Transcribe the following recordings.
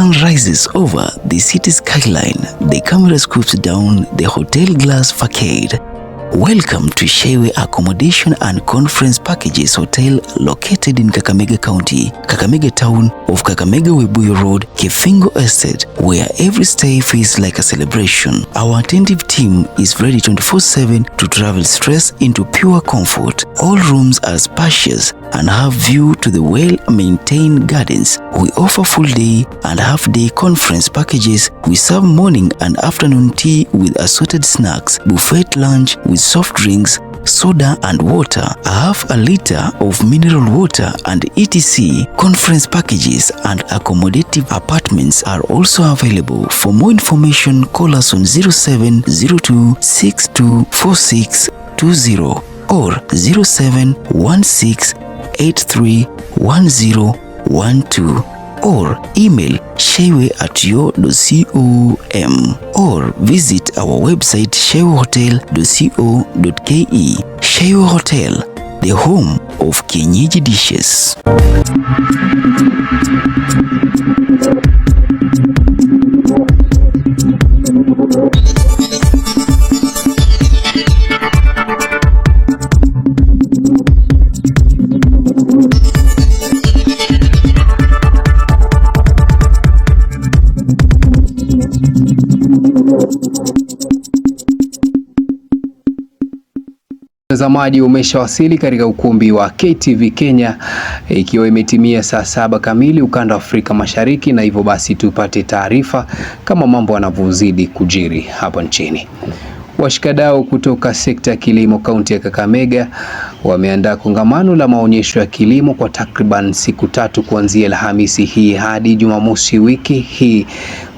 sun rises over the city skyline, the camera scoops down the hotel glass facade. Welcome to Shewe Accommodation and Conference Packages Hotel located in Kakamega County, Kakamega Town of Kakamega Webuyo Road, Kifingo Estate, where every stay feels like a celebration. Our attentive team is ready 24/7 to travel stress into pure comfort. All rooms are spacious and have view to the well-maintained gardens. We offer full-day and half-day conference packages. We serve morning and afternoon tea with assorted snacks, buffet lunch with soft drinks, soda and water, a half a liter of mineral water and etc. Conference packages and accommodative apartments are also available. For more information, call us on 0702624620 or 0716 831012 or email shewe at yo.com or visit our website shewehotel.co.ke. Shewe Hotel, the home of Kenyeji dishes. Mtazamaji umeshawasili katika ukumbi wa KTV Kenya ikiwa imetimia saa saba kamili ukanda wa Afrika Mashariki, na hivyo basi tupate taarifa kama mambo yanavyozidi kujiri hapa nchini. Washikadau kutoka sekta ya kilimo kaunti ya Kakamega wameandaa kongamano la maonyesho ya kilimo kwa takriban siku tatu kuanzia Alhamisi hii hadi Jumamosi wiki hii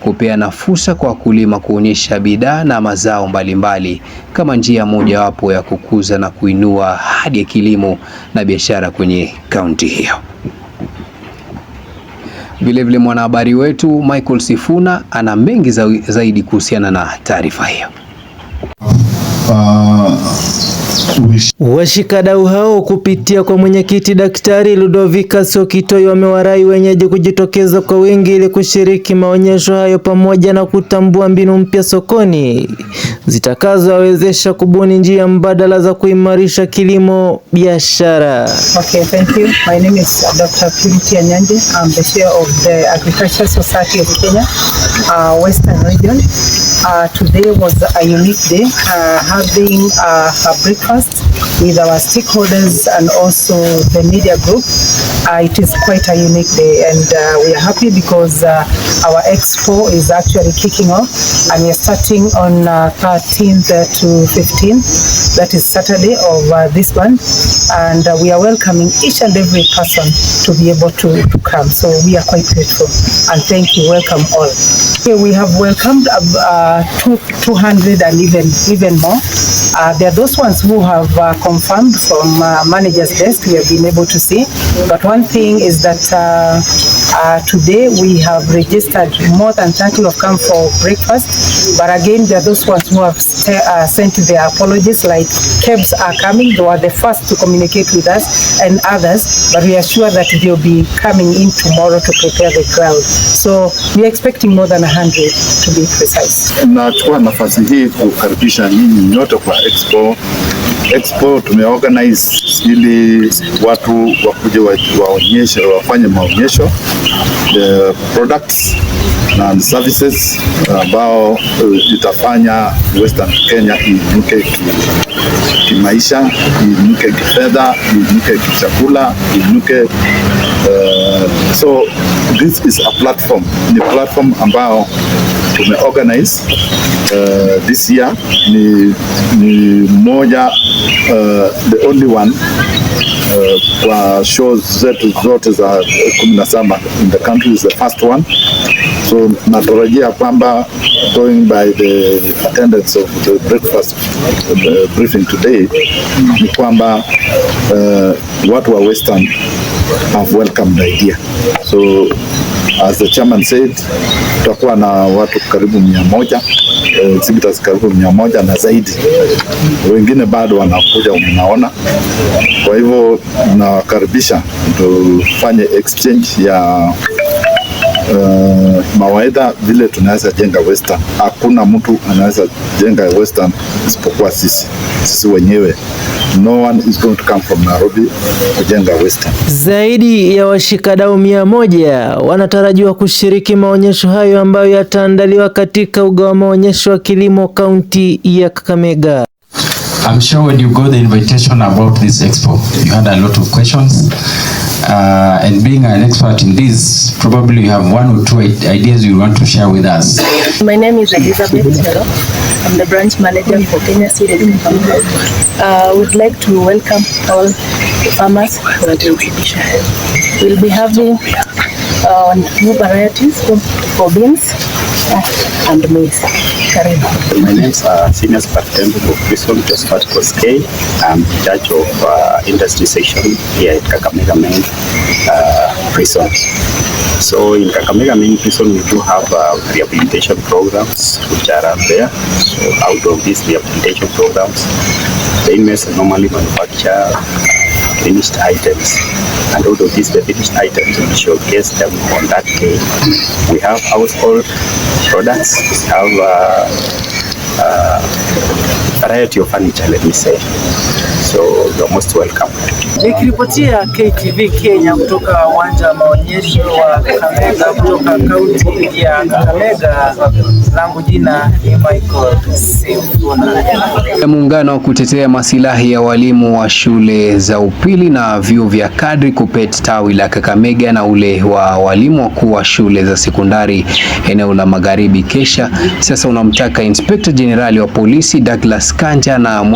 kupeana fursa kwa wakulima kuonyesha bidhaa na mazao mbalimbali mbali, kama njia mojawapo ya kukuza na kuinua hadi ya kilimo na biashara kwenye kaunti hiyo. Vilevile mwanahabari wetu Michael Sifuna ana mengi zaidi kuhusiana na taarifa hiyo. Washikadau hao kupitia kwa mwenyekiti Daktari Ludovika Sokitoi wamewarai wenyeji kujitokeza kwa wingi ili kushiriki maonyesho hayo pamoja na kutambua mbinu mpya sokoni zitakazowawezesha kubuni njia mbadala za kuimarisha kilimo biashara. Okay, thank you. My name is uh, Dr. Anyanje. I'm the chair of the Society of Kenya, uh, Western Region. Uh, today was a unique day, uh, having uh, a breakfast with our stakeholders and also the media group. Uh, it is quite a unique day, and uh, we are happy because uh, our expo is actually kicking off, and we're starting on 13th to 15th, that is Saturday of this month and uh, we are welcoming each and every person to be able to, to come. So we are quite grateful and thank you. Welcome all. Here we have welcomed uh, uh two, 200 and even even more. Uh, there are those ones who have uh, confirmed from uh, manager's desk. We have been able to see. But one thing is that today we have registered more than 30 have come for breakfast But again, there are those ones who have uh, sent their apologies, like cabs are coming. They were the first to communicate with us and others, but we are sure that they'll be coming in tomorrow to prepare the ground. So we're expecting more than 100 to be precise. Nachukua nafasi hii kukaribisha nyinyi nyote kwa expo. Expo tumeorganize ili watu wakuje waonyeshe, wafanye maonyesho the eh, products and services eh, ambao uh, itafanya Western Kenya iinuke kimaisha, iinuke kifedha, iinuke kichakula, iinuke uh, so this is a platform, ni platform ambao tumeorganize uh, this year ni, ni moja uh, the only one uh, kwa show zetu zote za kumi na saba in the country is the first one so natarajia kwamba going by the attendance of the breakfast the uh, briefing today ni kwamba uh, watu wa Western have welcomed the idea so As the chairman said, tutakuwa na watu karibu mia moja exhibitors karibu mia moja na zaidi, wengine bado wanakuja, mnaona. Kwa hivyo nawakaribisha tufanye exchange ya Uh, mawaidha vile tunaweza jenga Western. Hakuna mtu anaweza jenga Western isipokuwa sisi sisi wenyewe. No one is going to come from Nairobi kujenga Western. Zaidi ya washikadau mia moja wanatarajiwa kushiriki maonyesho hayo ambayo yataandaliwa katika uga wa maonyesho wa kilimo kaunti ya Kakamega. I'm sure when you got the invitation about this expo, you had a lot of questions uh, and being an expert in this, probably you have one or two ideas you want to share with us. My name is Elizabeth Hello. I'm the branch manager for Kenya City. Farmers. Uh, we'd like to welcome all farmers for the exhibition. We'll be having uh, varieties for beans uh, and maize. Karibu. My name is uh, Senior Superintendent of Prison Josephat Koskei. I'm Judge of uh, Industry Section here at Kakamega Main uh, Prison. So in Kakamega Main Prison, we do have uh, rehabilitation programs which are out there. So out of these rehabilitation programs, the inmates normally manufacture uh, finished items. And out of these, the finished items, we showcase them on that day. We have household products, we have uh, Uh, variety of furniture let me say so you're most welcome. Nikiripotia KTV Kenya kutoka uwanja wa maonyesho wa Kakamega kutoka kaunti ya Kakamega, langu jina ni Michael Sifuna. Muungano wa kutetea masilahi ya walimu wa shule za upili na vyuo vya kadri KUPPET tawi la Kakamega na ule wa walimu wakuu wa shule za sekondari eneo la Magharibi, Kesha, sasa unamtaka Inspector Jenerali wa polisi Douglas Kanja na